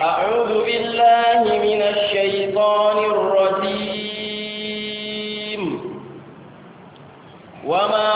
أعوذ بالله من الشيطان الرجيم وما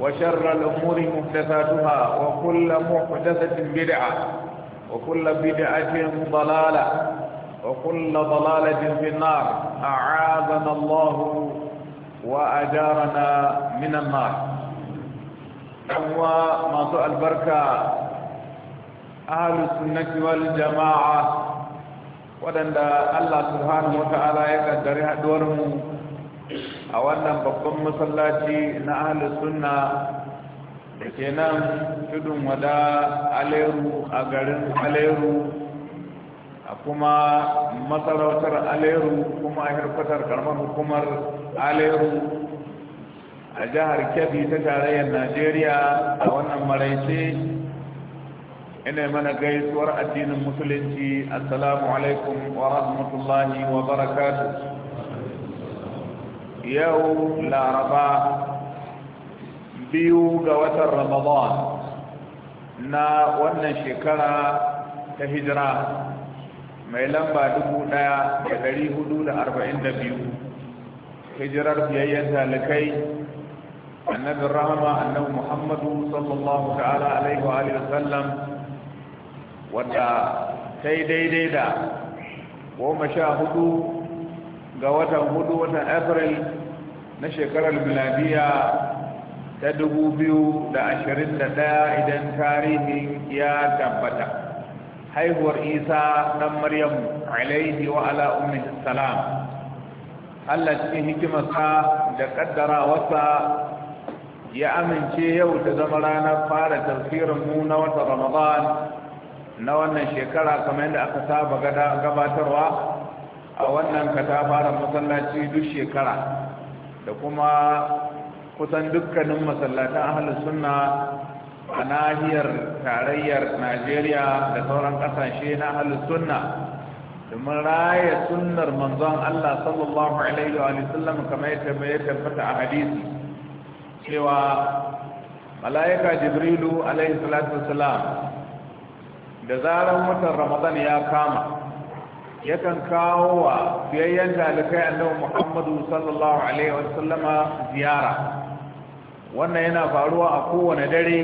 وشر الأمور محدثاتها وكل محدثة بدعة وكل بدعة ضلالة وكل ضلالة في النار أعاذنا الله وأجارنا من النار هو ما سؤال بركة أهل السنة والجماعة ولن الله سبحانه وتعالى يقدر دورهم a wannan babban masallaci na ahalus sunna da ke nan tudun wada aleru a garin aleru a kuma masarautar aleru kuma a harkatar karamar hukumar aleru a jihar kebbi ta tarayyar najeriya a wannan maraice ina mana gaisuwar addinin musulunci assalamu alaikum wa rahmatullahi wa barakatuh yau laraba biyu ga watan ramadan na wannan shekara ta hijira mai lamba biyu, hijirar biyayyen talikai annabin rahama annabin muhammadu sallallahu ta'ala alaihi wa alihi wasallam wadda ta yi daidai da goma sha hudu ga watan hudu watan april na shekarar miladiya ta dubu biyu da ashirin da ɗaya idan tarihin ya tabbata haihuwar isa ɗan maryam alaihi wa ala ummin salam allah cikin hikimarsa da ƙaddarawarsa ya amince yau ta zama ranar fara tafsirin mu na watan ramadan na wannan shekara kamar yadda aka saba gabatarwa a wannan ka ta fara masallaci duk shekara da kuma kusan dukkanin masallatan ahalus sunna a nahiyar tarayyar najeriya da sauran kasashe na ahalus sunna domin raya sunnar manzon allah sallallahu alaihi wa sallam kamar yadda ya tabbata a hadisi cewa mala'ika jibrilu alaihi salatu wasalam da zarar watan ramadan ya kama yakan kawo wa biyayyen dalibai annabi Muhammadu sallallahu alaihi wasallama ziyara wannan yana faruwa a kowane dare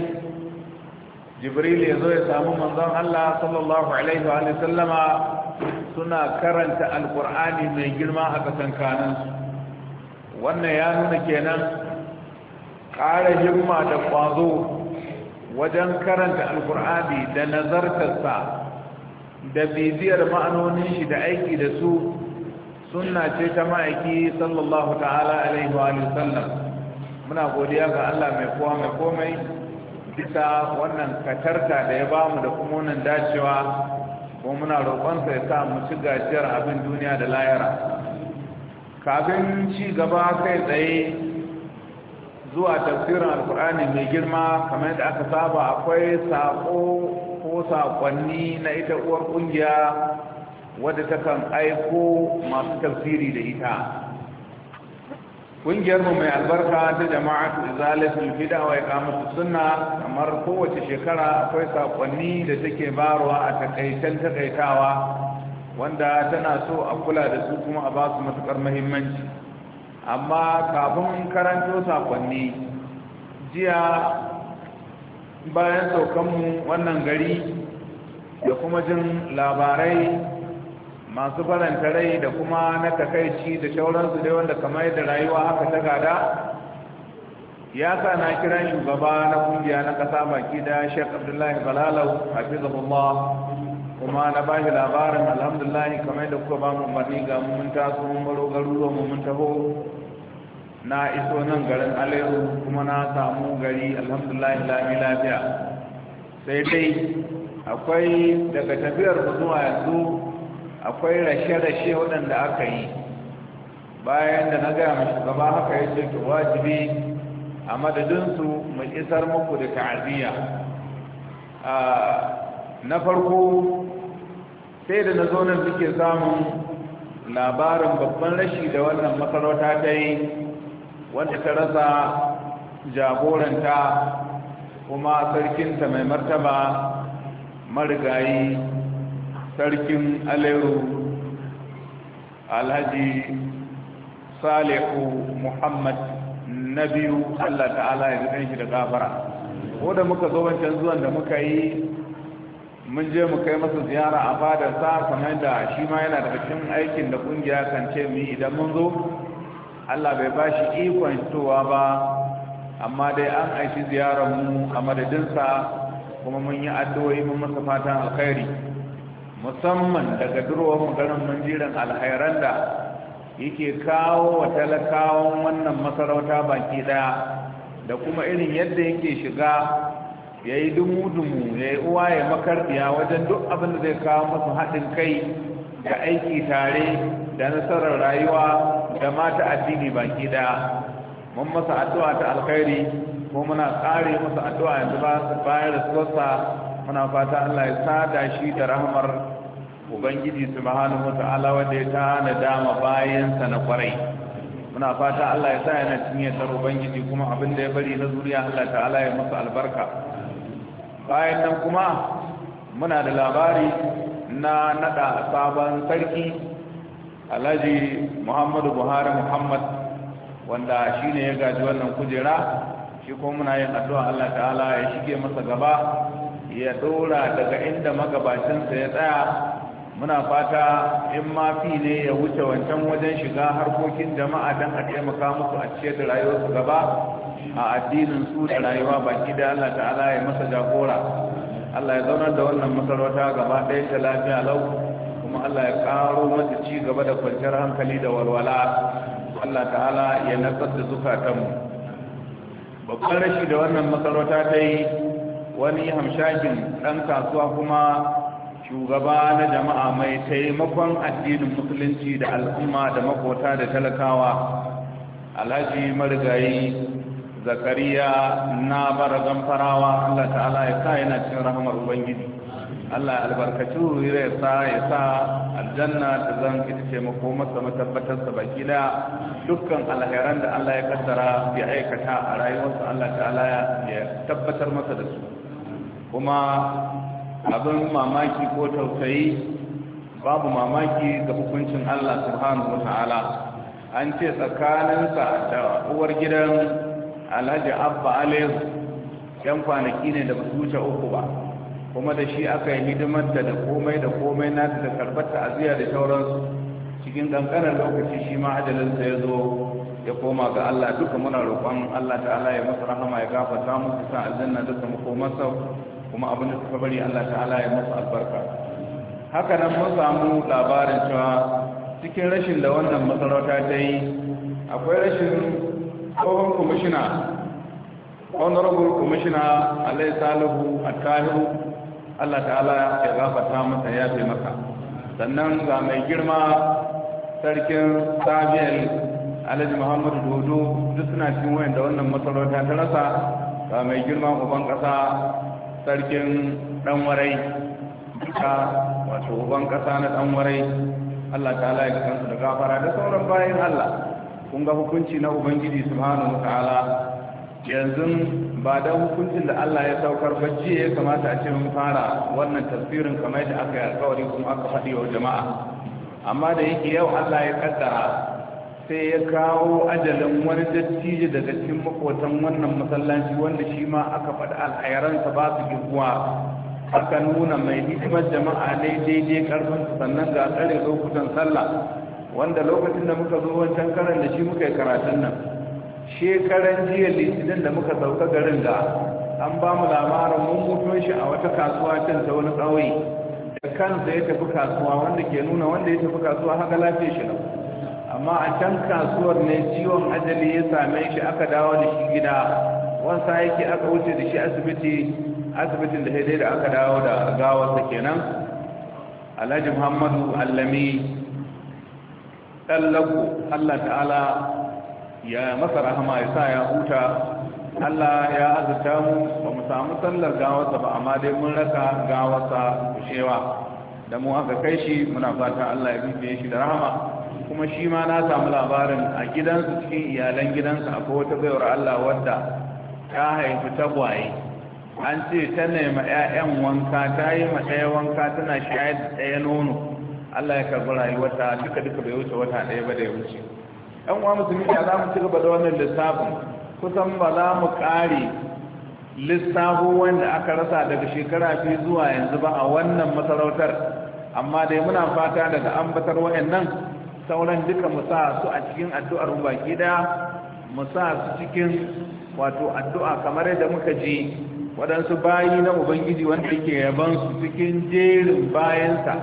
Jibril ya zo ya samu manzon Allah sallallahu alaihi suna karanta alqur'ani mai girma a kasankanin wannan ya nuna kenan ƙara himma da ƙwazo wajen karanta alkur'ani da nazartarsa da bibiyar ma'anonin shi da aiki da su sunna ce ta ma'aiki sallallahu ta'ala alaihi wa sallam muna godiya ga Allah mai kowa mai komai bisa wannan katarta da ya ba mu da kuma wannan dacewa ko muna roƙonsa ya sa mu ci gajiyar abin duniya da layara kafin ci gaba kai tsaye zuwa tafsirin alkur'ani mai girma kamar yadda aka saba akwai saƙo ko saƙonni na ita uwar ƙungiya wadda ta kan aiko masu tafsiri da ita ƙungiyarmu mai albarka ta jama'atu izalatul fida wa iqamatu sunna kamar kowace shekara akwai saƙonni da take barwa a takaitan takaitawa wanda tana so a kula da su kuma a ba su matuƙar muhimmanci amma kafin karanto saƙonni jiya bayan saukanmu wannan gari da kuma jin labarai masu faranta rai da kuma na takaici da shauransu dai wanda kamar yadda rayuwa haka ta gada ya sa na kiran shugaba na kungiya na kasa baki da shek abdullahi balalau a hafizahullah kuma na ba shi labarin alhamdulahi kamar da kuka ba mu umarni ga mummunta su mun baro garuruwa mummunta taho na iso nan garin alayru kuma na samu gari alhamdulillah lami lafiya sai dai akwai daga tafiyar zuwa yanzu akwai rashe-rashe waɗanda aka yi bayan da na gaya ma shugaba haka ya ce wajibi a madadinsu mu isar muku da ta'aziyya na farko sai da na zo nan suke samun labarin babban rashi da wannan masarauta ta yi wanda ta rasa jagoranta kuma sarkinta mai martaba marigayi sarkin aleru alhaji salihu muhammad na biyu allah ta'ala ya zuɗin shi da gafara ko da muka zo wancan zuwan da muka yi mun je mu kai masa ziyara a fadarsa kamar da shi ma yana da cikin aikin da kungiya kan ce mu idan mun zo Allah bai ba shi ikon fitowa ba amma dai an aiki ziyarar mu a madadinsa kuma mun yi addu'o'i mun masa fatan alkhairi musamman daga durowar maganin jiran alkhairan da yake kawo wa talakawan wannan masarauta baki daya da kuma irin yadda yake shiga ya yi dumu-dumu ya yi uwa ya makardiya wajen duk abin da zai kawo masu haɗin kai da aiki tare da nasarar rayuwa da mata addini baki daya mun masa addu'a ta alkhairi ko muna kare masa addu'a yanzu ba bayan sosa muna fata Allah ya sada shi da rahmar ubangiji subhanahu ta'ala wanda ya tana dama bayansa na kwarai muna fata Allah ya sa yana cinye tar ubangiji kuma abin da ya bari na zuriya Allah ta'ala ya masa albarka bayan nan kuma muna da labari na nada sabon sarki alhaji muhammadu buhari muhammad wanda shi ne ya gaji wannan kujera shi kuma muna yin addu'a allah ta'ala ya shige masa gaba ya dora daga inda magabacinsa ya tsaya muna fata in ma ne ya wuce wancan wajen shiga harkokin jama'a don a taimaka musu a ciyar da rayuwarsu gaba a addinin su da rayuwa baki da allah ta'ala ya masa jagora allah ya zaunar da wannan masarauta gaba ɗaya ta lafiya lau kuma Allah ya karo mata ci gaba da kwanciyar hankali da walwala Allah ta'ala ya nasar da zukatanmu babban rashi da wannan masarauta ta yi wani hamshakin ɗan kasuwa kuma shugaba na jama'a mai taimakon addinin musulunci da al'umma da makota da talakawa alhaji marigayi zakariya na baragan farawa Allah ta'ala ya sa yana cin rahamar ubangiji Allah albarkaci ruriyar sa ya sa aljanna ta zan ita ce mako masa matabbatar sa baki da dukkan alheran da Allah ya kaddara ya aikata a rayuwarsa Allah ya tabbatar masa da su kuma abin mamaki ko tausayi babu mamaki ga hukuncin Allah subhanahu wa ta'ala an ce tsakaninsa da uwar gidan Alhaji Abba Aliyu yan kwanaki ne da ba wuce uku ba kuma da shi aka yi hidimar da da komai da komai na da karbar ta'aziyya da sauransu cikin kankanar lokaci shi ma ajalinsa ya zo ya koma ga Allah duka muna roƙon Allah ta'ala ya masa rahama ya gafarta musu sa aljanna duka mu koma sau kuma abin da suka bari Allah ta'ala ya masa albarka haka nan mun samu labarin cewa cikin rashin da wannan masarauta ta yi akwai rashin tsohon kwamishina honorable kwamishina alai salihu attahiru Allah ta'ala ya gafata masa ya fi maka sannan ga mai girma sarkin sabiyar alhaji muhammadu dodo duk suna cin wayan da wannan masarauta ta rasa ga mai girma uban ƙasa sarkin ɗanwarai duka wato uban ƙasa na ɗanwarai Allah ta'ala ya kansu da gafara da sauran bayan Allah kun ga hukunci na ubangiji subhanahu wa ta'ala yanzu ba da hukuncin da Allah ya saukar ba jiya ya kamata a ce mun fara wannan tasirin kamar yadda aka yi alkawari kuma aka faɗi wa jama'a amma da yake yau Allah ya kaddara sai ya kawo ajalin wani dattijo daga cikin makotan wannan masallaci wanda shi ma aka faɗi alhairansa ba su girguwa aka nuna mai hikimar jama'a ne daidai karfin sannan ga tsare lokutan sallah wanda lokacin da muka zo wancan karan da shi muka yi karatun nan shekaran jiya litinin da muka sauka garin da an ba mu lamarin mun mutu shi a wata kasuwa can ta wani tsawai da kansa ya tafi kasuwa wanda ke nuna wanda ya tafi kasuwa haka lafiya shi amma a can kasuwar ne ciwon ajali ya same shi aka dawo da shi gida wansa yake aka wuce da shi asibiti asibitin da haidai da aka dawo da gawarsa kenan alhaji muhammadu allami ɗan allah ta'ala ya masa rahama ya sa ya huta Allah ya azurta mu ba mu samu sallar gawarsa ba amma dai mun raka gawarsa kushewa da mu aka kai shi muna fata Allah ya bibiye shi da rahama kuma shi ma na samu labarin a gidansu cikin iyalan gidansu akwai wata baiwar Allah wadda ta haifi tagwaye an ce ta nema 'ya'yan wanka ta yi ma ɗaya wanka tana shayar da ɗaya nono Allah ya karɓi rayuwarta duka duka bai wuce wata ɗaya ba da ya wuce yan uwa musulmi da za mu ci gaba da wannan lissafin kusan ba za mu ƙare lissafo wanda aka rasa daga shekara biyu zuwa yanzu ba a wannan masarautar amma dai muna fata daga ambatar wayannan sauran duka mu sa su a cikin addu'ar mu baki daya mu sa su cikin wato addu'a kamar yadda muka ji waɗansu bayi na ubangiji wanda yake yaban su cikin jerin bayansa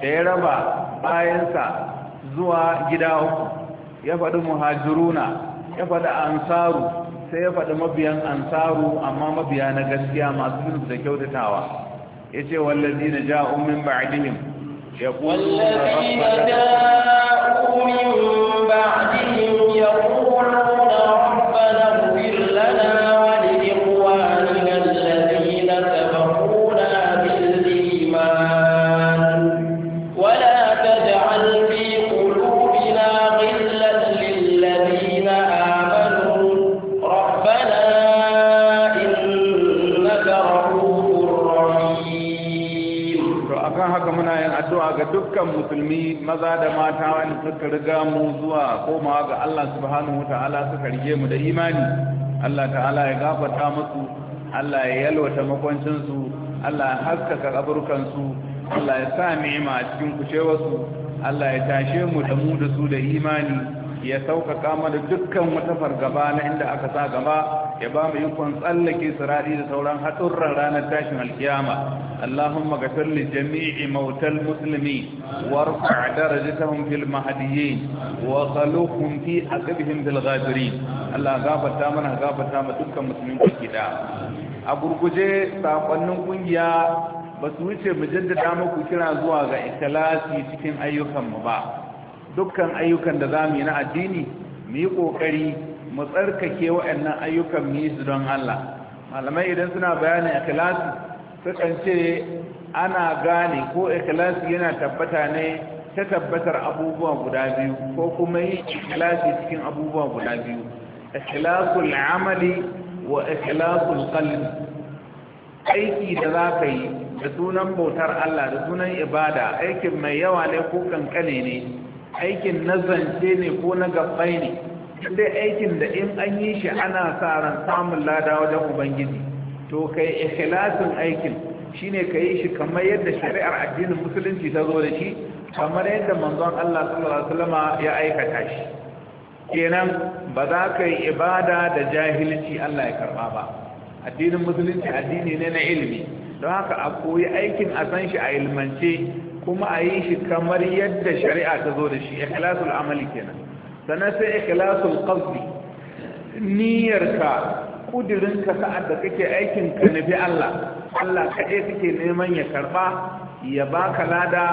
da ya raba bayansa zuwa gida uku ya faɗi muhajiruna ya faɗi ansaru sai ya faɗi mabiyan ansaru amma mabiya na gaskiya masu zurfi da kyautatawa ya ce wallazi na ja'un min ba'adihim ya ƙulu rabbana maza da mata wani suka riga mu zuwa komawa ga Allah subhanahu ta'ala suka rige mu da imani Allah ta'ala ya gafata musu Allah ya yalwata makwancinsu Allah ya haskaka kaburkansu Allah ya sa ni'ima a cikin kucewarsu Allah ya tashe mu da mu da su da imani ya sauƙaƙa mana dukkan wata fargaba na inda aka sa gaba ya ba mu ikon tsallake sirari da sauran haɗurran ranar tashin alkiyama اللهم اغفر لجميع موتى المسلمين وارفع درجتهم في المهديين وخلوهم في عقبهم في الغابرين الله غابر تامنا غابر تامنا دكا مسلمين كده a gurguje saƙonnin ƙungiya ba su wuce mu jaddada muku kira zuwa ga ikhlasi cikin ayyukanmu ba dukkan ayyukan da za mu yi na addini mu yi ƙoƙari mu tsarkake waɗannan ayyukan mu yi su don Allah malamai idan suna bayanin ikhlasi sukan ce ana gane ko ikhlasi yana tabbata ne ta tabbatar abubuwa guda biyu ko kuma yi ikhlasi cikin abubuwa guda biyu ikhlasul amali wa ikhlasul qalbi aiki da za ka yi da sunan bautar Allah da sunan ibada aikin mai yawa ne ko kankane ne aikin na ne ko na gabbai ne dai aikin da in an yi shi ana sa ran samun lada wajen ubangiji to kai ikhlasin aikin shine ka shi kamar yadda shari'ar addinin musulunci ta zo da shi kamar yadda manzon Allah sallallahu alaihi wasallama ya aikata shi kenan ba za ka yi ibada da jahilci Allah ya karba ba addinin musulunci addini ne na ilimi don haka a koyi aikin a san shi a ilmance kuma a yi shi kamar yadda shari'a ta zo da shi ikhlasul amali kenan sannan sai ikhlasul qasdi ka. kudirin ka sa'ad da kake aikin ka nufi Allah Allah kaɗai kake neman ya karɓa ya baka lada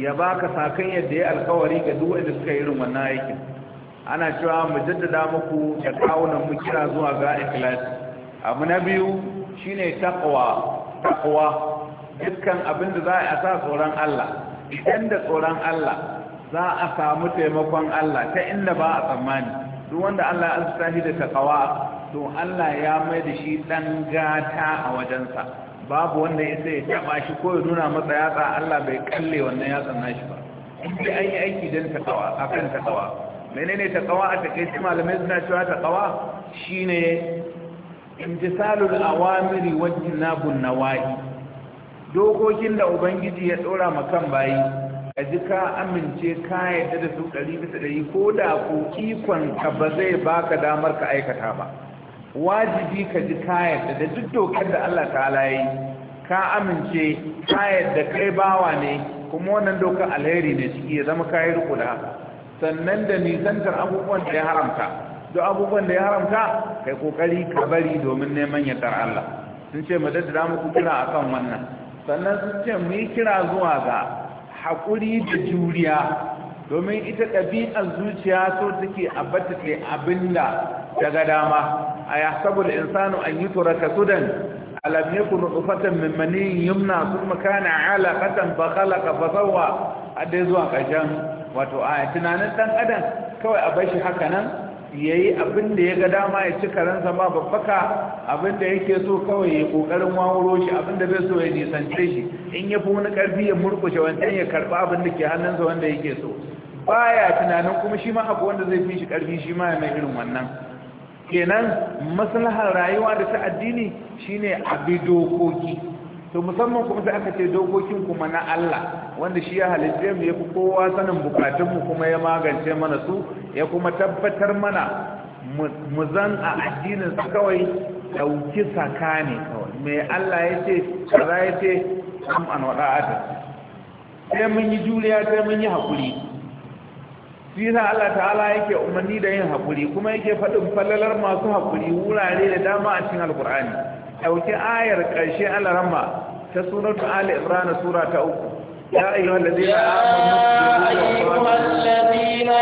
ya baka sakan yadda ya alkawari ga duk wanda suka irin wannan aikin ana cewa mu jaddada muku da kawunan mu kira zuwa ga ikhlas abu na biyu shine taqwa taqwa dukkan abin da za a sa tsoron Allah idan da tsoron Allah za a samu taimakon Allah ta inda ba a tsammani duk wanda Allah ya alsahi da taqwa to Allah ya mai da shi ɗan gata a wajensa babu wanda ya sai ya taɓa shi ko ya nuna masa yatsa Allah bai kalle wannan yatsan nashi ba dai an yi aiki don takawa a kan takawa menene takawa a takaici malamai suna cewa takawa shine imtisalul awamiri wajen nabun nawahi dokokin da ubangiji ya ɗora ma kan bayi ka ji ka amince ka yadda da su ɗari bisa ɗari ko da ku ikon ka ba zai baka damar ka aikata ba wajibi ka ji kayar da duk dokar da Allah ta halaye ka amince kayan da kai bawa ne kuma wannan dokar alheri ne ciki ya zama kayi riko da sannan da nisantar abubuwan da ya haramta duk abubuwan da ya haramta kai kokari ka bari domin neman yardar Allah sun ce mu daddada mu kira akan wannan sannan sun ce mu yi kira zuwa ga haƙuri da juriya domin ita ɗabi'ar zuciya so take a bata abinda daga dama a ya saboda insanu an yi turaka sudan alam yakun nutfatan min maniyin yumna thumma kana alaqatan fa ba fa a dai zuwa karshen wato a tunanin dan adam kawai a bashi haka nan yayi abin da ya ga dama ya ci karansa ma babbaka abin da yake so kawai ya kokarin wawuro shi abin da bai so ya nisance shi in ya fi wani karfi ya murkushe wancan ya karba abin da ke hannunsa wanda yake so baya tunanin kuma shi ma abu wanda zai fi shi karfi shi ma ya mai irin wannan kenan maslahar rayuwa da ta addini shine abi dokoki to musamman kuma sai aka ce dokokin kuma na Allah wanda shi ya halitta mu fi kowa sanin mu kuma ya magance mana su ya kuma tabbatar mana mu zan a addinin sa kawai dauki saka ne kawai me Allah ya ce kaza ya ce am an wada'ata sai mun yi juriya sai mun yi hakuri shi Allah ta'ala yake umarni da yin haƙuri kuma yake faɗin fallalar masu haƙuri wurare da dama a cikin alƙur'ani ɗauki ayar ƙarshe Allah rahma ta suratu Ali Imran sura ta uku ya ayyuhal ladina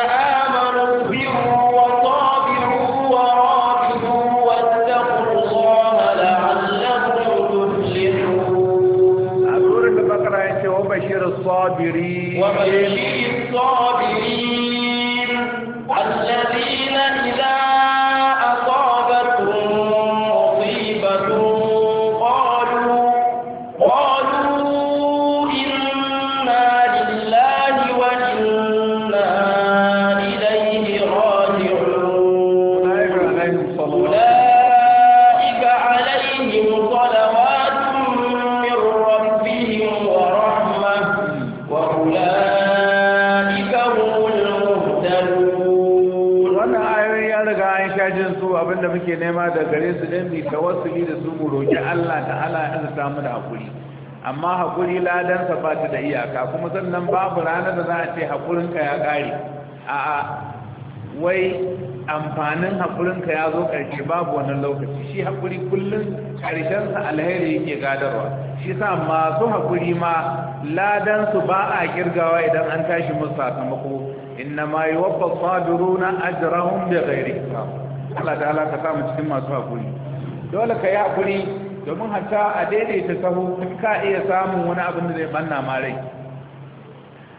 amanu bi'u wa tabi'u wa rabitu wattaqullaha la'allakum tuflihun a suratul baqara yace wa bashirus sabirin amma haƙuri ladansa ba ta da iyaka kuma sannan babu ranar da za a ce haƙurinka ya kare a'a wai amfanin haƙurinka ya zo ƙarshe babu wannan lokaci shi haƙuri kullum ƙarshensa alheri yake gadarwa shi sa masu haƙuri ma ladansu ba a kirgawa idan an tashi musu sakamako inna ma yi wabba sabiruna ajrahum bi ghairi hisab Allah ta'ala ka samu cikin masu haƙuri dole ka yi haƙuri domin hatta a daidaita sahu ka iya samun wani abin da zai banna ma rai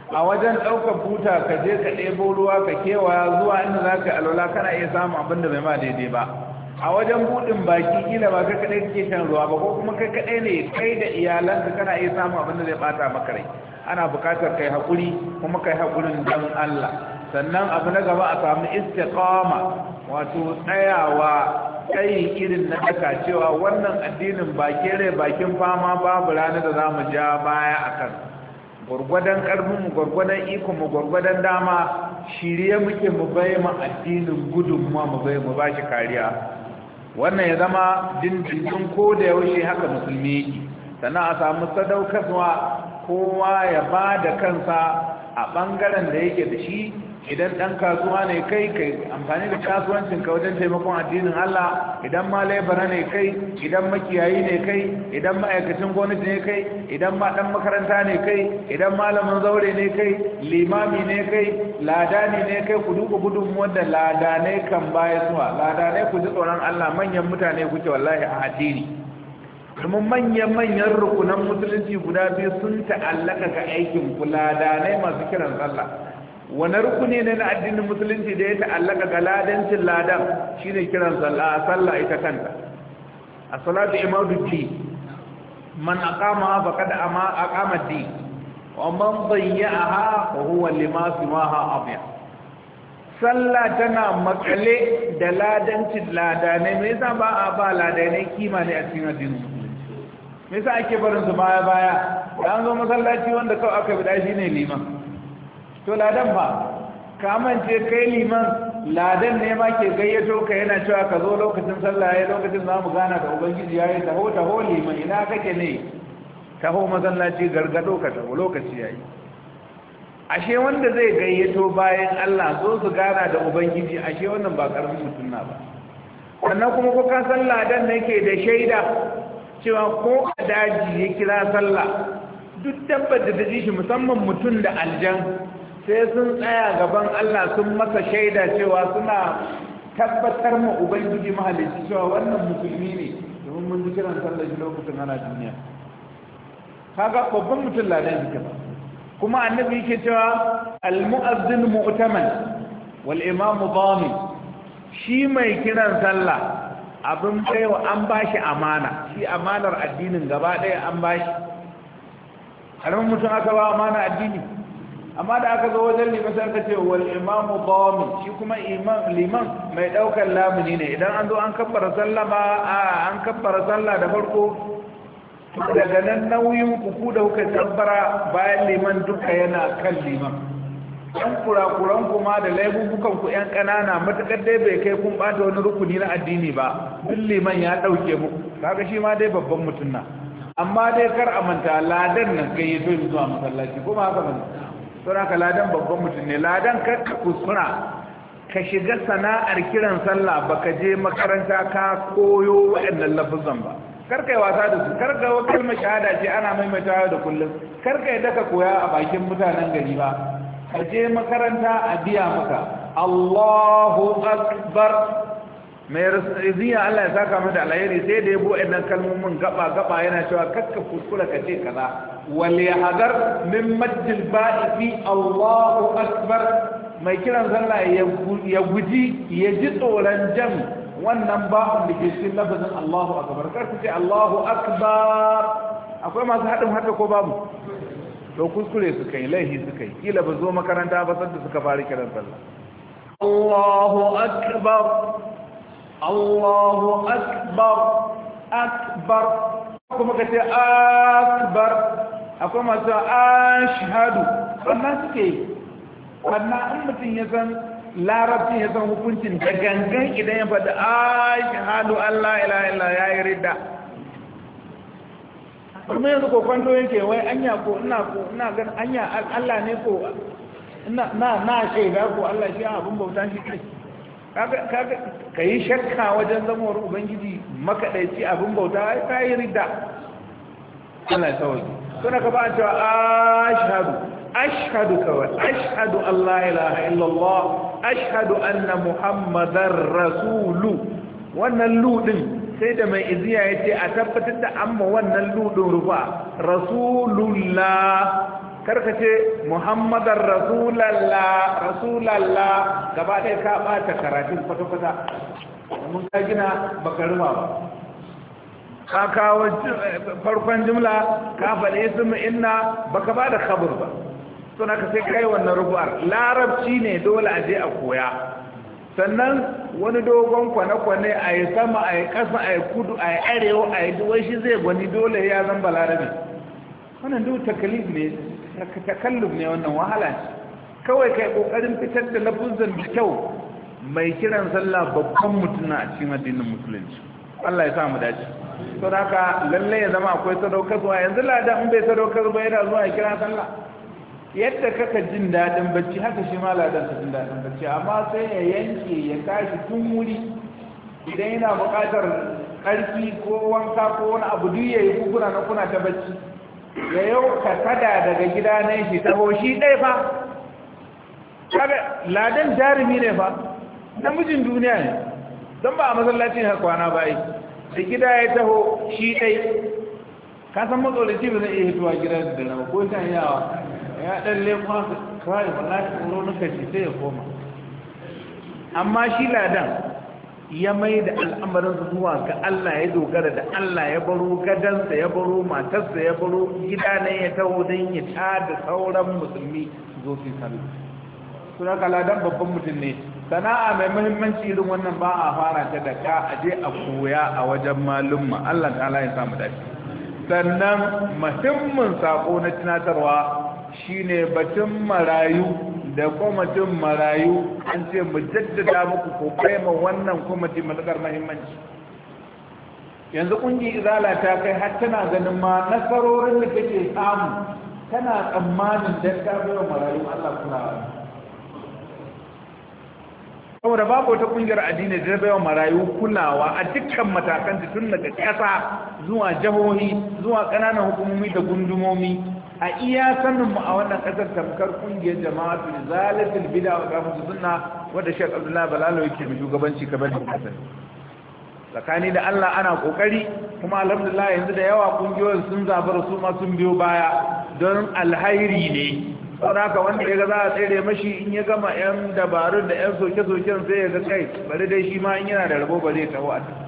a wajen ɗaukar buta ka je ka ɗebo ruwa ka kewa zuwa inda za ka alwala kana iya samun abin da bai ma daidai ba a wajen buɗin baki kila ba ka kaɗai kake shan ruwa ba ko kuma kai kaɗai ne kai da iyalanka kana iya samun abin da zai bata maka rai ana buƙatar kai haƙuri kuma kai haƙurin don Allah sannan abu na gaba a samu istiqama wato tsayawa kai irin na daka cewa wannan addinin ba kere bakin fama babu ranar da za mu ja baya a kan gwargwadon ƙarfinmu gwargwadon ikonmu gwargwadon dama shirye muke mu bai ma addinin gudunmuwa mu bai mu ba shi kariya wannan ya zama dindindin ko da yaushe haka musulmi yake sannan a samu sadaukarwa kowa ya ba da kansa a ɓangaren da yake da shi idan ɗan kasuwa ne kai kai amfani da kasuwancin ka wajen taimakon addinin Allah idan ma laibara ne kai idan makiyayi ne kai idan ma'aikacin gwamnati ne kai idan ma ɗan makaranta ne kai idan malamin zaure ne kai limami ne kai ladani ne kai ku duka gudun wanda ladanai kan baya zuwa ladanai ku ji tsoron Allah manyan mutane ce wallahi a addini kuma manya-manyan rukunan musulunci guda biyu sun ta'allaka ga aikin ku ladanai masu kiran sallah wani rukuni ne na addinin musulunci da ya ta'allaka ga ladancin ladan Shi ne kiran sallah sallah ita kanta a salatu imaduddin man ba kada ama aqama ad-din wa man dayya'aha fa huwa lima siwaha abiya sallah tana makale da ladancin ladanai me sa ba a ba ladanai kima ne a cikin addinin musulunci me sa ake barin su baya baya dan zo masallaci wanda kawai aka bi da shi ne liman to ladan ba ka kai liman ladan ne ma ke gayyato ka yana cewa ka zo lokacin sallah ya lokacin za mu gana da ubangiji ya yi taho taho liman ina kake ne taho masallaci gargado ka taho lokaci ya yi ashe wanda zai gayyato bayan Allah zo su gana da ubangiji ashe wannan ba karfin mutum na ba sannan kuma ko ka san ladan ne ke da shaida cewa ko a daji ya kira sallah duk dabbar da ta ji shi musamman mutum da aljan sai sun tsaya gaban Allah sun masa shaida cewa suna tabbatar ma ubangiji mahalicci cewa wannan musulmi ne domin mun ji kiran sallar shi lokacin ana duniya kaga babban mutum ladan shi ba kuma annabi yake cewa al mu'taman wal imam dhamin shi mai kiran sallah abin baiwa an bashi amana shi amanar addinin gaba ɗaya an bashi karamin mutum aka ba amana addini amma da aka zo wajen ne kasar ce wal imamu qawmi shi kuma imam liman mai daukar lamuni ne idan an zo an kabbara sallah ba an kabbara sallah da farko daga nan nauyin kuku da kuka tabbara bayan liman duka yana kan liman yan kurakuran kuma da laifukan ku yan kanana matakar dai bai kai kun bata wani rukuni na addini ba duk liman ya dauke mu kaga shi ma dai babban mutum na amma dai kar a manta ladan nan kai ya zo zuwa masallaci kuma haka bane saura ka ladan babban mutum ne ladan ka kuskura ka shiga sana'ar kiran sallah ba ka je makaranta ka koyo waɗannan lafazan ba karka yi wasa da su karka wa kalmar shahada ce ana maimaitawa da kullum karka yi daka koya a bakin mutanen gari ba ka je makaranta a biya maka Allahu akbar mai riziya Allah ya saka mata alayyari sai da ya buɗe nan kalmomin gaba gaba yana cewa kakka kuskura ka ce kaza wal hagar min maddil ba'i Allahu akbar mai kiran sallah ya guji ya ji tsoron jam wannan ba'un da ke cikin lafazin Allahu akbar kar ku ce Allahu akbar akwai masu haɗin haɗa ko babu to kuskure su kai laihi su kai kila ba zo makaranta ba sanda suka fara kiran sallah Allahu akbar الله akbar akbar كما ka ce akbar akwai masu ashhadu wannan suke ya san larabci ya san hukuncin da gangan idan ya faɗi Allah kuma yanzu ko kwanto yake wai anya ko ina ko ina gan anya Allah ne ko na na shaida ko Allah shi abin bauta shi kai ka yi shakka wajen zamowar ubangiji makaɗaici abin bauta ta yi rida Allah ya suna ka ba cewa ashadu ashadu kawai ashadu Allah ilaha illallah ashadu anna muhammadar rasulu wannan ludin sai da mai iziya ya ce a tabbatar da amma wannan ludin rufa rasulullah karka ce muhammadar rasulallah rasulallah gaba ɗaya ka ɓata karatun kwata-kwata mun ka gina bakarwa ba ka kawo farkon jimla ka faɗi su inna baka ba da khabur ba suna ka sai kai wannan rubu'ar larabci ne dole a je a koya sannan wani dogon kwane-kwane a yi sama a yi ƙasa a yi kudu a yi arewa a yi duwai shi zai gwani dole ya zan balarabi wannan duk takalif ne takallum ne wannan wahala ce kawai kai kokarin fitar da lafuzan da kyau mai kiran sallah babban mutum a cikin addinin musulunci Allah ya sa mu dace to haka lalle ya zama akwai sadaukarwa yanzu lada in bai sadaukar ba yana zuwa ya kira sallah yadda kaka jin dadin bacci haka shi ma ladan ka jin dadin bacci amma sai ya yanke ya tashi tun wuri idan yana buƙatar ƙarfi ko wanka ko wani abu duk yayi kukuna na kuna ta bacci ya yau kasada daga gida shi taho shi ɗai fa kaga ladan jarumi ne fa namijin duniya ne don ba a masallacin harkwana ba yi da gida ya taho shi ɗai ka san matsalacin da zai iya hituwa gida da nama ko shan yawa ya ɗan lemu kawai wallahi tsoro na kashi sai ya koma amma shi ladan ya mai da al'amarin zuwa ga Allah ya dogara da Allah ya baro gadansa ya baro matarsa ya baro gida na ya taho don ya ta da sauran musulmi zo su sallu suna kaladan babban mutum ne sana'a mai muhimmanci irin wannan ba a fara ta da ka a je a koya a wajen malumma Allah ta'ala ya samu dace sannan muhimmin sako na tunatarwa shine batun marayu da kwamitin marayu an ce mu jaddada muku ko kaima wannan kwamitin matuƙar mahimmanci yanzu ƙungiyar izala ta kai har tana ganin ma nasarorin da kake samu tana tsammanin don marayu allah kula saboda babu wata ƙungiyar addini da baiwa marayu kulawa a dukkan matakan tun daga ƙasa zuwa jihohi zuwa ƙananan hukumomi da gundumomi a iya sanin mu a wannan kasar tamkar kungiyar jama'atu zalatul bid'a wa kamatu sunna wanda Sheikh Abdullah Balalo yake da shugabanci kamar da kasar tsakani da Allah ana kokari kuma alhamdulillah yanzu da yawa kungiyoyin sun zaba su ma sun biyo baya don alhairi ne saboda haka wanda ya ga za a tsere mashi in ya gama yan dabarun da yan soke-soken sai ya ga kai bari dai shi ma in yana da rabo ba zai taho a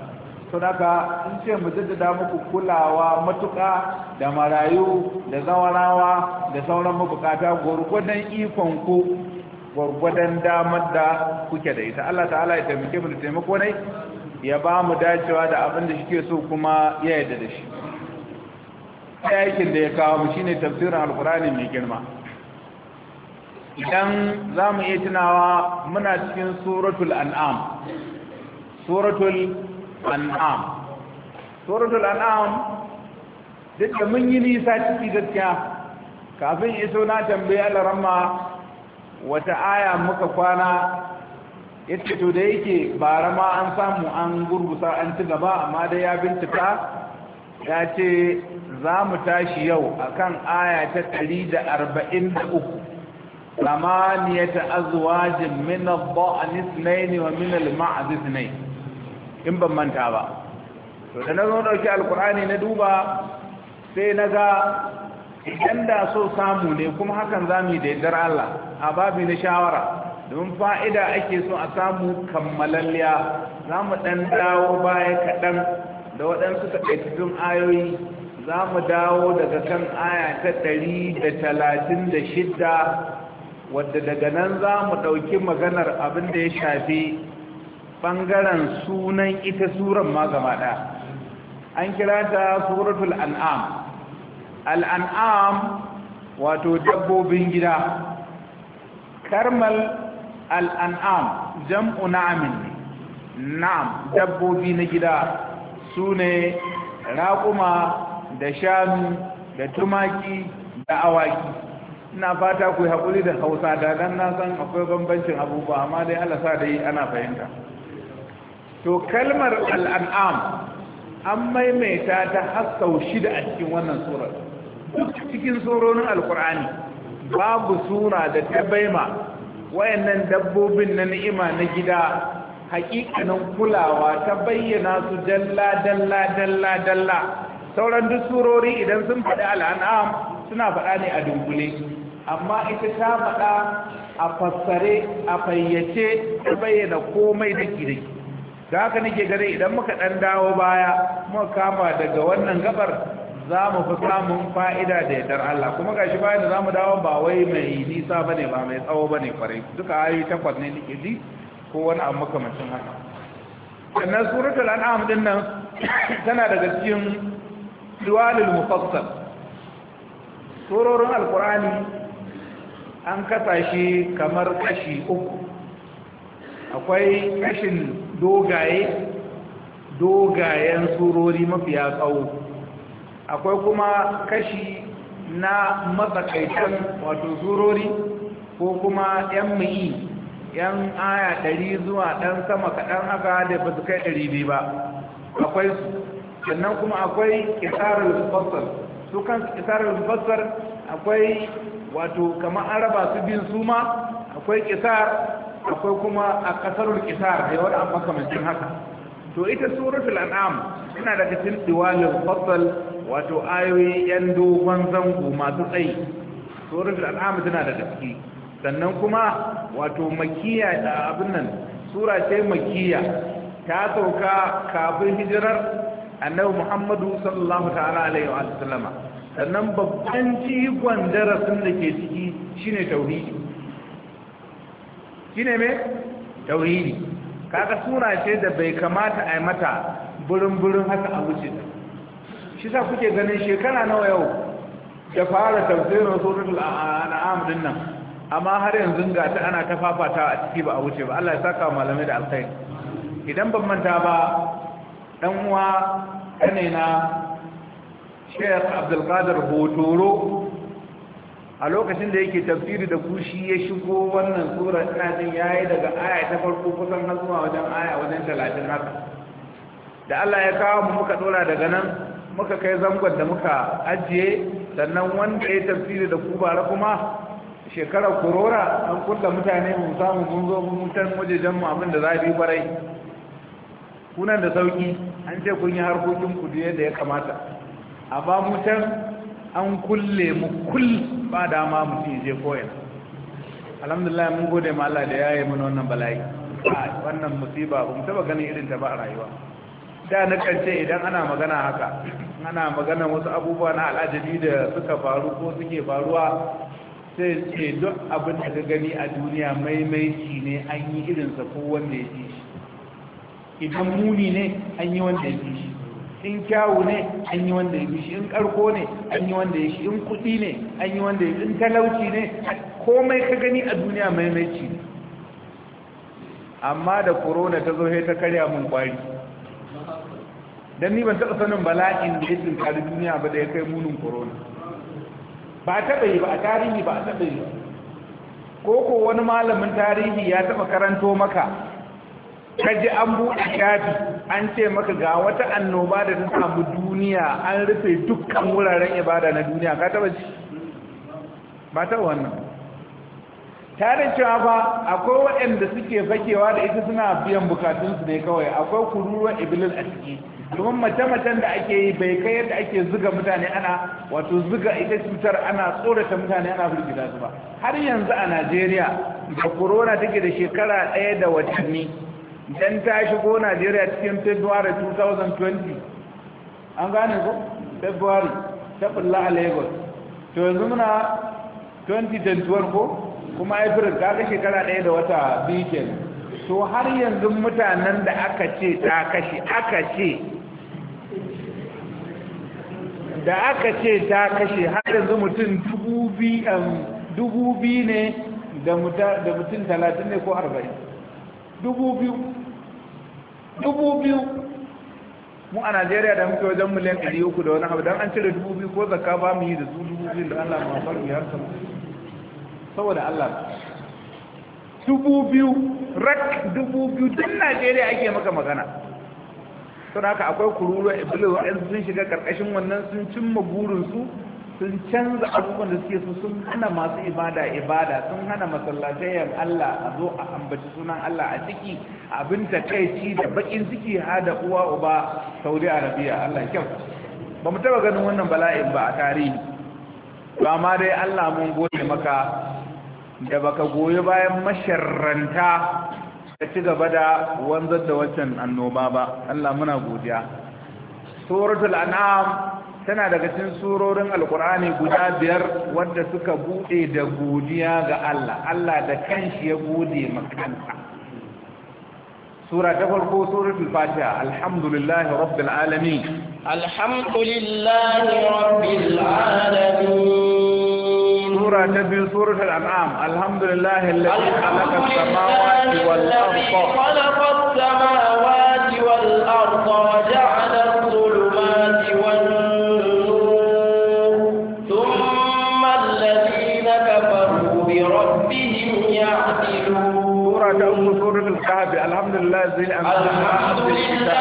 sadaka in ce mu jaddada muku kulawa matuƙa da marayu da zawarawa da sauran mabukata gwargwadon ikon ku gwargwadon damar da kuke da ita Allah ta'ala ya taimake mu da taimako ne ya ba mu dacewa da abin da shike so kuma ya yarda da shi aikin da ya kawo mu shine tafsirin alqur'ani mai girma idan za mu iya tunawa muna cikin suratul an'am suratul an'am suratul an'am duk da mun yi nisa ciki gaskiya kafin iso na tambayi ramma wata aya muka kwana yace to da yake bara ma an samu an gurgusa an ci gaba amma dai ya bincika ya ce za mu tashi yau akan aya ta 143 ثمانية أزواج من wa اثنين ومن المعز اثنين in ban manta ba to da na zo ɗauki alkur'ani na duba sai na ga idan da so samu ne kuma hakan za mu yi da yardar Allah a babi na shawara don fa'ida ake so a samu kammalalliya za mu ɗan dawo baya kaɗan da waɗansu taƙaitattun ayoyi za mu dawo daga kan aya ta ɗari da talatin da shidda wadda daga nan za mu ɗauki maganar abin da ya shafi Bangaren sunan ita suran ma gaba ɗaya an kira ta suratul an'am al'an'am wato dabbobin gida karmal al'an'am jam'u na'amin ne na'am dabbobi na gida sune, ne raƙuma da shanu da tumaki da awaki ina fata ku yi haƙuri da hausa da nan na san akwai bambancin abubuwa amma dai alasa dai ana fahimta to kalmar al'an'am an maimaita ta haskau shida a cikin wannan surar duk cikin tsoronin alkur'ani babu sura da ta baima wayannan dabbobin na ni'ima na gida hakikanin kulawa ta bayyana su dalla dalla dalla dalla sauran duk surori idan sun faɗi al'an'am suna faɗa ne a dunkule amma ita ta faɗa a fassare a fayyace ta bayyana komai da kirki da haka nake gare idan muka dan dawo baya muka kama daga wannan gabar za mu fi samun fa'ida da yadda Allah kuma gashi bayan da za mu dawo ba wai mai nisa ba ne ba mai tsawo ba ne kwarai duka ayi takwas ne nake ji ko wani abu makamacin haka sannan suratul an'am din nan tana daga cikin duwalul mufassal surorin alqur'ani an kasa kamar kashi uku akwai kashin dogaye dogayen surori mafiya tsawo akwai kuma kashi na matsakaitan wato surori ko kuma yan mai yan aya ɗari zuwa ɗan sama kaɗan haka da ba su kai biyu ba akwai su sannan kuma akwai kisarar basar su kan kisarar basar akwai wato kamar an raba su bin su ma akwai kisar akwai kuma a kasarul kisar da yawan makamancin haka to ita suratul an'am ina daga cikin diwalul fasal wato ayoyi yan dogon zango masu tsayi suratul an'am tana daga ciki sannan kuma wato makiya da abin nan sura ce makiya ta sauka kafin hijirar annabi muhammadu sallallahu ta'ala alaihi wa sallama sannan babban jigon darasin da ke ciki shine tauhidi shine me tauhidi kaga sura ce da bai kamata a yi mata burin-burin haka a wuce ta shi sa kuke ganin shekara nawa yau da fara tafsirin suratul an'am din nan amma har yanzu ga ta ana ta fafata a ciki ba a wuce ba Allah ya saka malamai da alkhairi idan ban manta ba dan uwa kane na Sheikh Abdul Qadir Hotoro a lokacin da yake tafsiri da ku shi ya shigo wannan surar ɗin ya yi daga aya ta farko kusan har zuwa wajen aya wajen talatin haka da Allah ya kawo mu muka ɗora daga nan muka kai zangon da muka ajiye sannan wanda ya tafsiri da ku bara kuma shekarar korora an kulla mutane mu samu mun zo mun mutan wajejen mu abin da za bi barai kunan da sauki an ce kun yi harkokin ku da ya kamata amma mutan an kulle mu kulle ba dama mutum je koyana alhamdulillah mun gode ma Allah da ya yi mana wannan bala'i wannan musiba ba mu taba ganin irin ta ba a rayuwa da na kance idan ana magana haka ana magana wasu abubuwa na al'ajabi da suka faru ko suke faruwa sai ce duk abin da ka gani a duniya maimaiti ne an yi irinsa ko wanda ya ji shi idan muni ne an yi wanda ya ji shi in kyawu ne an yi wanda ya bi shi in karko ne an yi wanda ya shi in kuɗi ne an yi wanda ya in talauci ne komai ka gani a duniya maimaici ne amma da korona ta zo sai ta karya mun kwari dan ni ban taɓa sanin bala'in da ya tsinkari duniya ba da ya kai munin korona ba taɓa yi ba a tarihi ba a taɓa yi ko ko wani malamin tarihi ya taɓa karanto maka ka ji an buɗe shafi an ce maka ga wata annoba da ta samu duniya an rufe dukkan wuraren ibada na duniya ka taba ci ba ta wannan ta da cewa ba akwai waɗanda suke fakewa da ita suna biyan bukatunsu ne kawai akwai kururuwar iblis a ciki domin mace-macen da ake yi bai kai yadda ake zuga mutane ana wato zuga ita cutar ana tsorata mutane ana firgita su ba har yanzu a najeriya da corona take da shekara ɗaya da watanni idan ta shigo najeriya cikin february 2020 an gane ko february ta bulla a lagos to yanzu muna 2021 ko kuma april ta kashe shekara ɗaya da wata biyu to har yanzu mutanen da aka ce ta kashe aka ce da aka ce ta kashe har yanzu mutum dubu biyu um, ne da mutum talatin ne ko arba'in dubu biyu dubu biyu mu a najeriya da muke wajen miliyan ɗari uku da wani abu don an cire dubu biyu ko zaka ba mu yi da su dubu biyu da allah ma faru ya harsa saboda allah dubu biyu rak dubu biyu duk najeriya ake maka magana sau da haka akwai kururuwa iblis waɗansu sun shiga ƙarƙashin wannan sun cimma burinsu sun canza abubuwan da suke so sun hana masu ibada ibada sun hana masallatayen Allah a zo a ambaci sunan Allah a ciki abin takaici da bakin ciki ha da uwa uba Saudi Arabia Allah kyau ba mu taba ganin wannan bala'in ba a tarihi ba ma dai Allah mun gode maka da baka goyi bayan masharranta ka ci gaba da wanzar da waccan annoba ba Allah muna godiya suratul an'am tana daga cikin surorin alkur'ani guda biyar wadda suka bude da godiya ga Allah Allah da kanshi ya gode makansa sura ta farko suratul fatiha alhamdulillahi rabbil alamin alhamdulillahi rabbil alamin sura ta biyu suratul an'am alhamdulillahi alladhi khalaqa as-samawati wal arda khalaqa as-samawati wal arda الكتاب الحمد لله الذي أنزل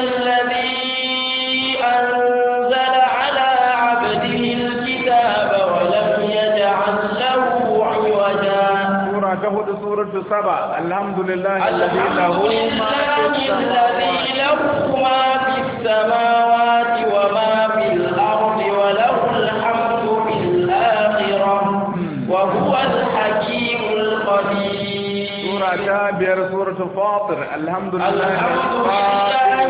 الذي أنزل على عبده الكتاب ولم يجعل له عوجا سورة جهد سورة سبع الحمد لله الذي له ما في السماوات غير سورة الفاطر الحمد لله الحمد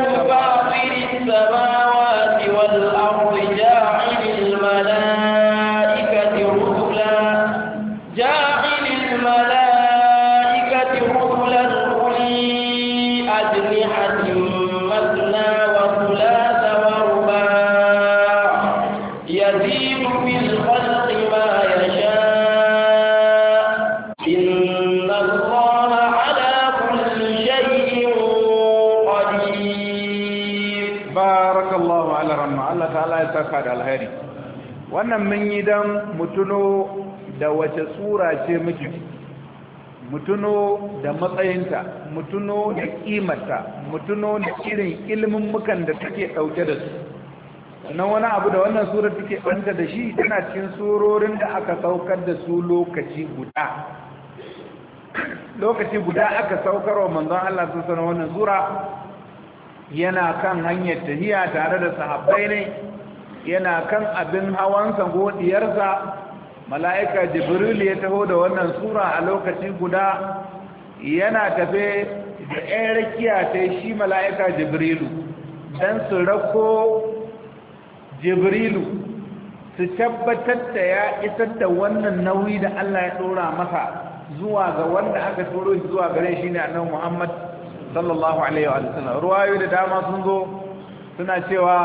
لله فاطر السماوات والأرض جاعل wannan mun yi don mutuno da wace tsura ce muke mutuno da matsayinta mutuno da kimarta mutuno da irin ilimin mukan da take ɗauke da su sannan wani abu da wannan surar take ɓanta da shi tana cikin surorin da aka saukar da su lokaci guda lokaci guda aka saukar wa manzon Allah sun sanar wannan sura yana kan hanyar tahiya tare da sahabbai ne yana kan abin hawansa ko sa. mala'ika jibril ya taho da wannan sura a lokaci guda yana tafe da ɗan ta shi mala'ika jibrilu don su rako jibrilu su tabbatar da ya isar da wannan nauyi da allah ya ɗora masa zuwa ga wanda aka turo zuwa gare shi ne annabi muhammad sallallahu alaihi wa sallam ruwayoyi da dama sun zo suna cewa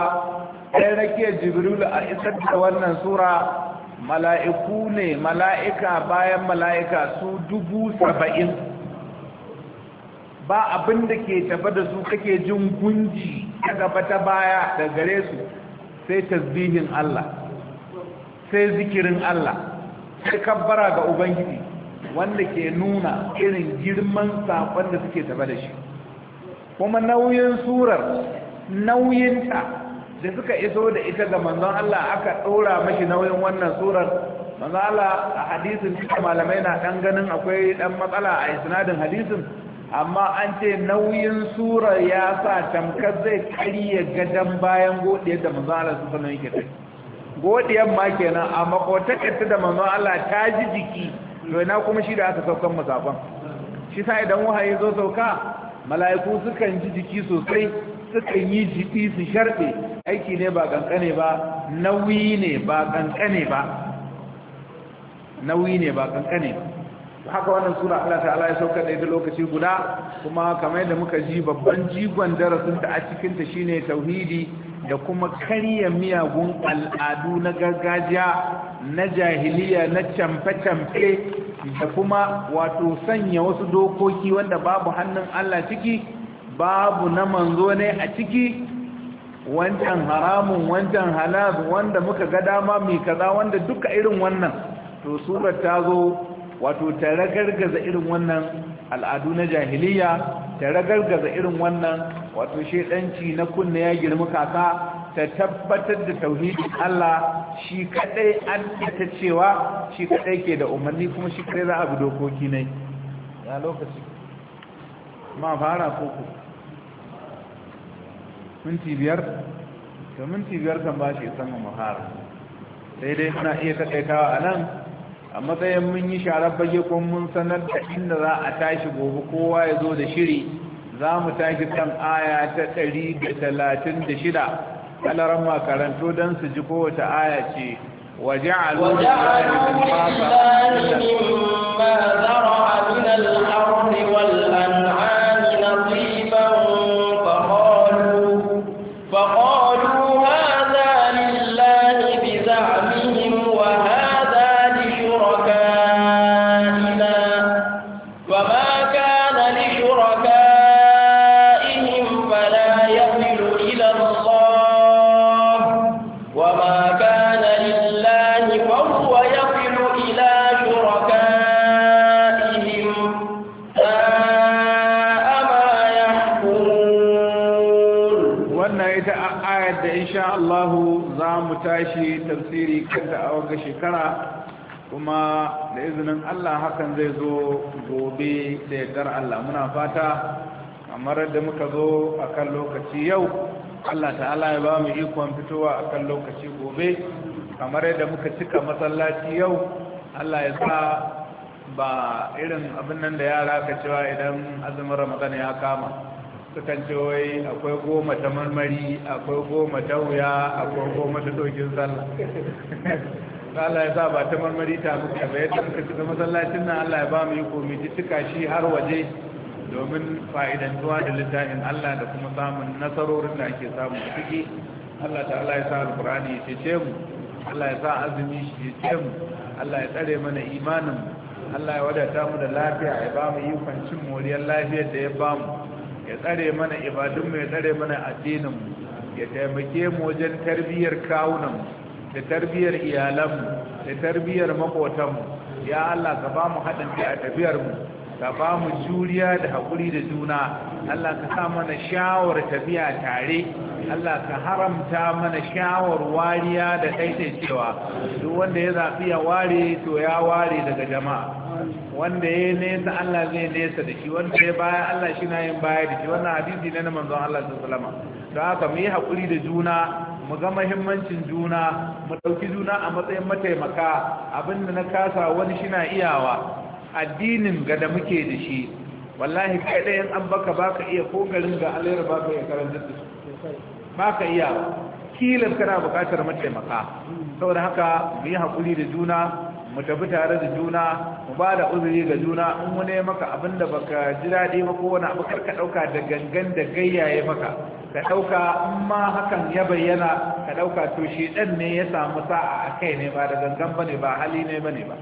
ɗan rakiyar jibril a isar da wannan sura mala'iku ne mala'ika bayan mala'ika su dubu saba'in ba abin da ke tafa da su kake jin gunji ta gaba ta baya da gare su sai tasbihin Allah sai zikirin Allah sai kabbara ga Ubangiji wanda ke nuna irin girman saƙon da suke tafa da shi kuma nauyin surar nauyinta da suka iso da ita ga manzon Allah aka ɗora mashi nauyin wannan surar manzon Allah a hadisin cikin malamai na ɗan ganin akwai ɗan matsala a isnadin hadisin amma an ce nauyin surar ya sa tamkar zai karya gadon bayan godiyar da manzon Allah su sanar yake dai godiyar ma kenan a makotakarta da manzon Allah ta ji jiki to ina kuma shi da aka saukan musafan shi sa idan wahayi zo sauka mala'iku sukan ji jiki sosai suka yi jibi su aiki ne ba kankane ba nauyi ne ba kankane ba nauyi ne ba kankane ba haka wannan sura Allah ta'ala ya sauka da ita lokaci guda kuma kamar yadda muka ji babban jigon darasin ta a cikin ta shine tauhidi da kuma karya miyagun al'adu na gargajiya na jahiliya na camfe-camfe da kuma wato sanya wasu dokoki wanda babu hannun Allah ciki babu na manzo ne a ciki wancan haramun wancan halal wanda muka ga dama mai kaza wanda duka irin wannan to surar ta zo wato ta ragargaza irin wannan al'adu na jahiliya ta ragargaza irin wannan wato shedanci na kunna ya girma kaka ta tabbatar da tauhidin Allah shi kadai an ta cewa shi kadai ke da umarni kuma shi kadai za a bi dokoki ne ya lokaci ma fara koko minti biyar to minti biyar kan ba shi sama mahara sai dai muna iya takaitawa a nan a matsayin mun yi sharar bage kun mun sanar da inda za a tashi gobe kowa ya zo da shiri za mu tashi kan aya ta ɗari da talatin da shida kalaran makarantu don su ji kowace aya ce وجعلوا لله مما ذرع من الأرض insha Allah za mu tashi tafsiri kan da a shekara kuma da izinin Allah hakan zai zo gobe da yardar Allah muna fata kamar da muka zo a kan lokaci yau Allah ta'ala ya ba mu ikon fitowa a kan lokaci gobe kamar yadda muka cika masallaci yau Allah ya sa ba irin abin nan da yara ka cewa idan azumin ramadan ya kama sukan ce wai akwai goma ta marmari akwai goma ta wuya akwai goma ta dokin sallah Allah ya sa ba ta marmari ta muku ba yadda muka shiga masallacin nan Allah ya ba mu yi komiti tuka shi har waje domin fa'idantuwa da littafin Allah da kuma samun nasarorin da ake samu ciki Allah ta Allah ya sa alkurani ya cece mu Allah ya sa azumi shi cece mu Allah ya tsare mana imanin Allah ya wadata mu da lafiya ya ba mu yi kwancin moriyar lafiyar da ya ba mu ya tsare mana ibadunmu ya tsare mana addininmu ya taimake mu wajen tarbiyyar kawunanmu da tarbiyyar iyalanmu da tarbiyyar makotanmu ya Allah ka ba mu haɗin kai a tafiyarmu ka ba mu juriya da haƙuri da juna Allah ka sa mana shawar tafiya tare Allah ka haramta mana shawar wariya da cewa duk wanda ya zafi ya ware to ya ware daga jama'a wanda ya nesa Allah zai nesa da shi wanda ya baya Allah shi na yin baya da shi wannan hadisi ne na manzon Allah sallallahu alaihi wasallam don haka mu yi haƙuri da juna mu ga mahimmancin juna mu ɗauki juna a matsayin mataimaka abinda na kasa wani shi na iyawa addinin ga da muke da shi wallahi kai yan an baka baka iya ko garin ga alayar baka iya karanta su baka iya kilar kana bukatar mataimaka saboda haka mu yi haƙuri da juna mu tafi tare da juna mu ba da uzuri ga juna in ne maka abin da baka ji daɗi ba ko wani abu kar ka ɗauka da gangan da gayyaye maka ka ɗauka in hakan ya bayyana ka ɗauka to shi ɗan ne ya samu sa'a a kai ne ba da gangan ba ba hali ne ba ba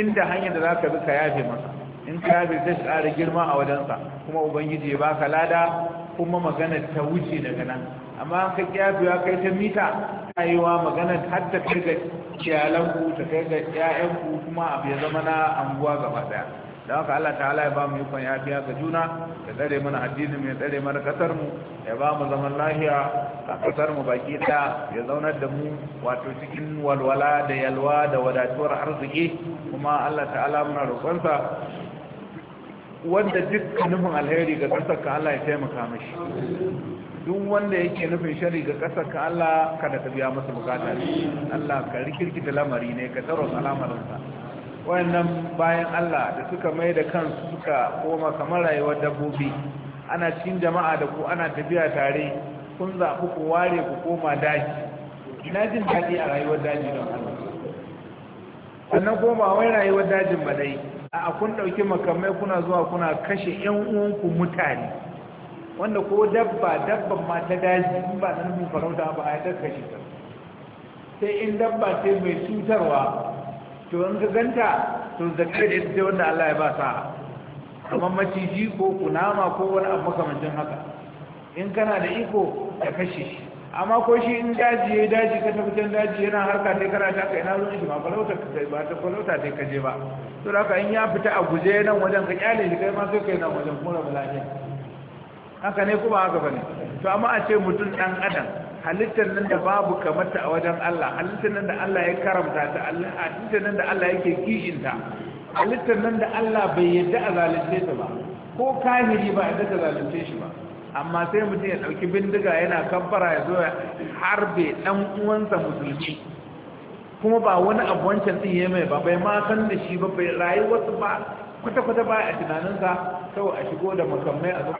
inda hanyar da za ka bi ka yafe masa in ka yafe zai tsara girma a wajensa kuma ubangiji ya baka lada kuma magana ta wuce daga nan amma ka yafe ya kai ta mita wa magana har ta kai ga kyalanku ta kai ga 'ya'yanku kuma abu ya zama na anguwa gaba daya da haka Allah ta'ala ya ba mu yafiya ga juna ya tsare mana addinin mu ya tsare mana ƙasarmu, ya ba mu zaman lafiya a ƙasarmu baki da ya zaunar da mu wato cikin walwala da yalwa da wadatuwar arziki kuma Allah ta'ala muna roƙonsa wanda duk nufin alheri ga ƙasar ka Allah ya taimaka mishi duk wanda yake nufin shari ga ƙasar ka Allah kada ka biya masa bukata Allah ka rikirkita lamari ne ka tsaro alamarinsa wayannan bayan Allah da suka mai da kansu suka koma kamar rayuwar dabbobi ana cikin jama'a da ku ana tafiya tare kun zaɓi ku ware ku koma daji ina jin daɗi a rayuwar daji don Allah sannan ko ba wai rayuwar dajin ba dai a kun ɗauki makamai kuna zuwa kuna kashe ƴan uwanku mutane wanda ko dabba dabban ma ta daji in ba na nufin farauta ba a yadda kashe ta sai in dabba ce mai cutarwa to in ka ganta to zakar da ita wanda Allah ya ba sa kamar maciji ko kunama ko wani abu makamancin haka in kana da iko ka kashe shi amma ko shi in daji ya daji ka tafi can daji yana harka sai kana ta kai na zo shi ma falauta ka kai ba ta falauta sai ka je ba to da haka in ya fita a guje nan wajen ka kyale shi kai ma sai kai nan wajen kuma da lafiya haka ne kuma haka bane to amma a ce mutum dan adam halittar nan da babu kamata a wajen Allah halittar nan da Allah ya karamta ta halittar nan da Allah yake kishinta halittar nan da Allah bai yadda a zalunce ta ba ko kahiri ba yadda ta zalunce shi ba amma sai mutum ya ɗauki bindiga yana kamfara ya zo harbe ɗan uwansa musulmi kuma ba wani abu wancan ɗin ya mai ba bai ma san da shi ba bai rayu wasu ba kwata-kwata ba a tunaninsa sau a shigo da makamai a